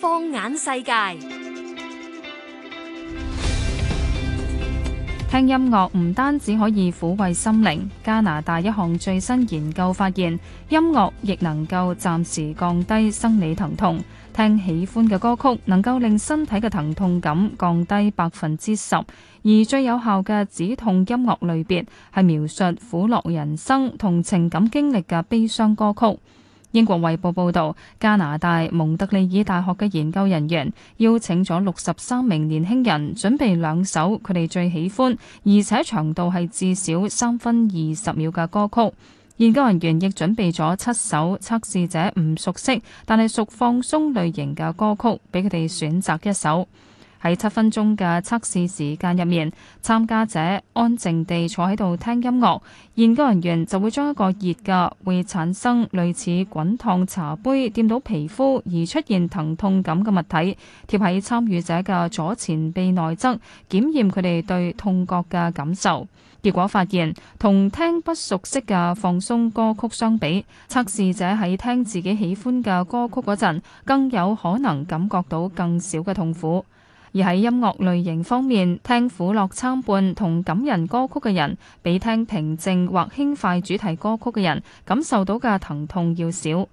放眼世界。聽音樂唔單止可以撫慰心靈，加拿大一項最新研究發現，音樂亦能夠暫時降低生理疼痛。聽喜歡嘅歌曲，能夠令身體嘅疼痛感降低百分之十，而最有效嘅止痛音樂類別，係描述苦樂人生同情感經歷嘅悲傷歌曲。英國衛報報道，加拿大蒙特利爾大學嘅研究人員邀請咗六十三名年輕人準備兩首佢哋最喜歡而且長度係至少三分二十秒嘅歌曲。研究人員亦準備咗七首測試者唔熟悉但係屬放鬆類型嘅歌曲俾佢哋選擇一首。喺七分鐘嘅測試時間入面，參加者安靜地坐喺度聽音樂。研究人員就會將一個熱嘅，會產生類似滾燙茶杯掂到皮膚而出現疼痛感嘅物體，貼喺參與者嘅左前臂內側，檢驗佢哋對痛覺嘅感受。結果發現，同聽不熟悉嘅放鬆歌曲相比，測試者喺聽自己喜歡嘅歌曲嗰陣，更有可能感覺到更少嘅痛苦。而喺音樂類型方面，聽苦樂參半同感人歌曲嘅人，比聽平靜或輕快主題歌曲嘅人感受到嘅疼痛要少。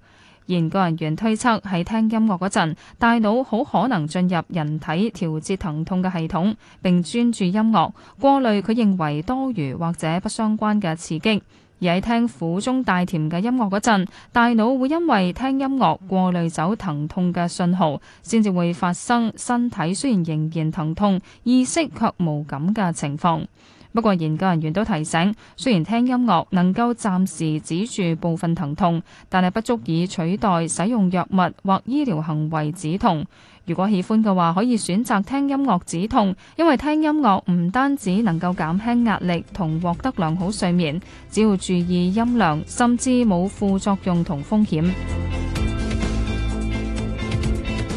研究人員推測，喺聽音樂嗰陣，大腦好可能進入人體調節疼痛嘅系統，並專注音樂，過濾佢認為多餘或者不相關嘅刺激。而喺聽苦中帶甜嘅音樂嗰陣，大腦會因為聽音樂過濾走疼痛嘅信號，先至會發生身體雖然仍然疼痛，意識卻無感嘅情況。不過，研究人員都提醒，雖然聽音樂能夠暫時止住部分疼痛，但係不足以取代使用藥物或醫療行為止痛。如果喜歡嘅話，可以選擇聽音樂止痛，因為聽音樂唔單止能夠減輕壓力同獲得良好睡眠，只要注意音量，甚至冇副作用同風險。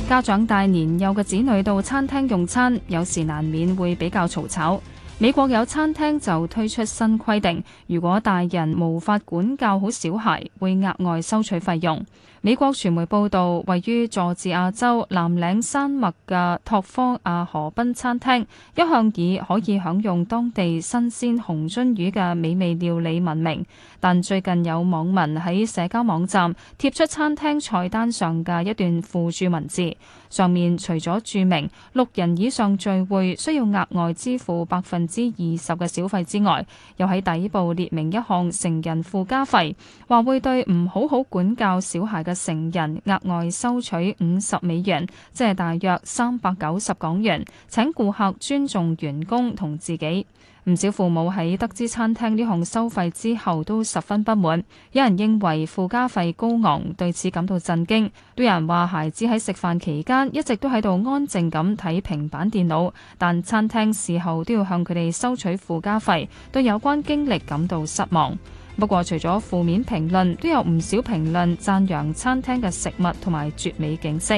家長帶年幼嘅子女到餐廳用餐，有時難免會比較嘈吵，吵。美國有餐廳就推出新規定，如果大人無法管教好小孩，會額外收取費用。美國傳媒報導，位於佐治亞州藍嶺山脈嘅托科亞河濱餐廳，一向以可以享用當地新鮮紅鳟魚嘅美味料理聞名。但最近有網民喺社交網站貼出餐廳菜單上嘅一段附註文字，上面除咗註明六人以上聚會需要額外支付百分之二十嘅小費之外，又喺底部列明一項成人附加費，話會對唔好好管教小孩嘅成人額外收取五十美元，即係大約三百九十港元。請顧客尊重員工同自己。唔少父母喺得知餐廳呢項收費之後都十分不滿，有人認為附加費高昂，對此感到震驚。都有人話孩子喺食飯期間一直都喺度安靜咁睇平板電腦，但餐廳事後都要向佢哋收取附加費，對有關經歷感到失望。不過，除咗負面評論，都有唔少評論讚揚餐廳嘅食物同埋絕美景色。